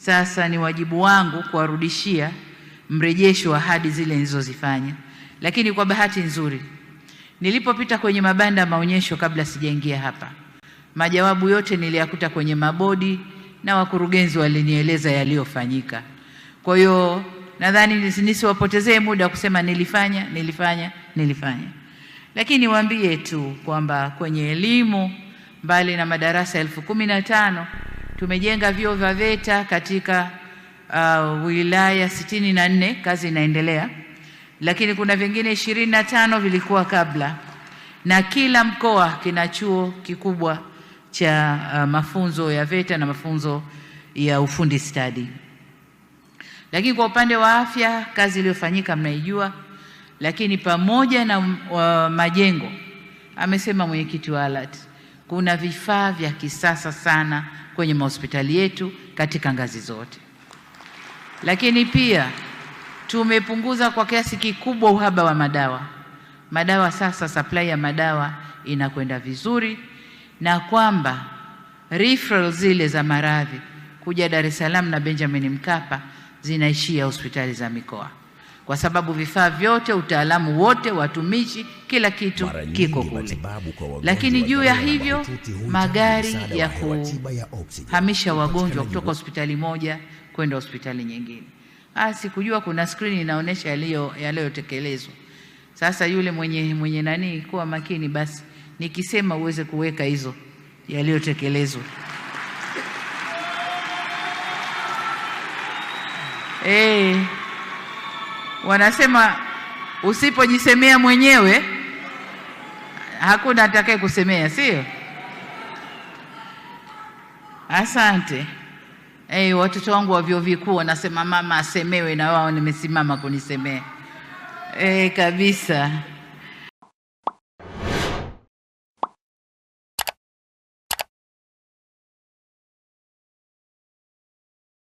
Sasa ni wajibu wangu kuwarudishia mrejesho wa ahadi zile nilizozifanya. Lakini kwa bahati nzuri, nilipopita kwenye mabanda maonyesho kabla sijaingia hapa, majawabu yote niliyakuta kwenye mabodi na wakurugenzi walinieleza yaliyofanyika. Kwa hiyo nadhani nisiwapotezee muda kusema nilifanya nilifanya nilifanya, lakini niwaambie tu kwamba kwenye elimu, mbali na madarasa elfu kumi na tano Tumejenga vyo vya VETA katika uh, wilaya sitini na nne, kazi inaendelea, lakini kuna vingine ishirini na tano vilikuwa kabla, na kila mkoa kina chuo kikubwa cha uh, mafunzo ya VETA na mafunzo ya ufundi stadi. Lakini kwa upande wa afya, kazi iliyofanyika mnaijua, lakini pamoja na uh, majengo, amesema mwenyekiti wa ALAT kuna vifaa vya kisasa sana kwenye mahospitali yetu katika ngazi zote. Lakini pia tumepunguza kwa kiasi kikubwa uhaba wa madawa. Madawa sasa, supply ya madawa inakwenda vizuri, na kwamba referral zile za maradhi kuja Dar es Salaam na Benjamin Mkapa zinaishia hospitali za mikoa kwa sababu vifaa vyote, utaalamu wote, watumishi, kila kitu kiko kule. Lakini juu ya hivyo, magari ya kuhamisha wagonjwa kutoka hospitali moja kwenda hospitali nyingine, ah, sikujua kuna skrini inaonyesha yaliyotekelezwa. Sasa yule mwenye, mwenye nani, kuwa makini basi, nikisema uweze kuweka hizo yaliyotekelezwa. Eh, hey. Wanasema usipojisemea mwenyewe hakuna atakaye kusemea, sio? Asante. Hey, watoto wangu wa vyuo vikuu wanasema mama asemewe, na wao nimesimama kunisemea. Hey, kabisa.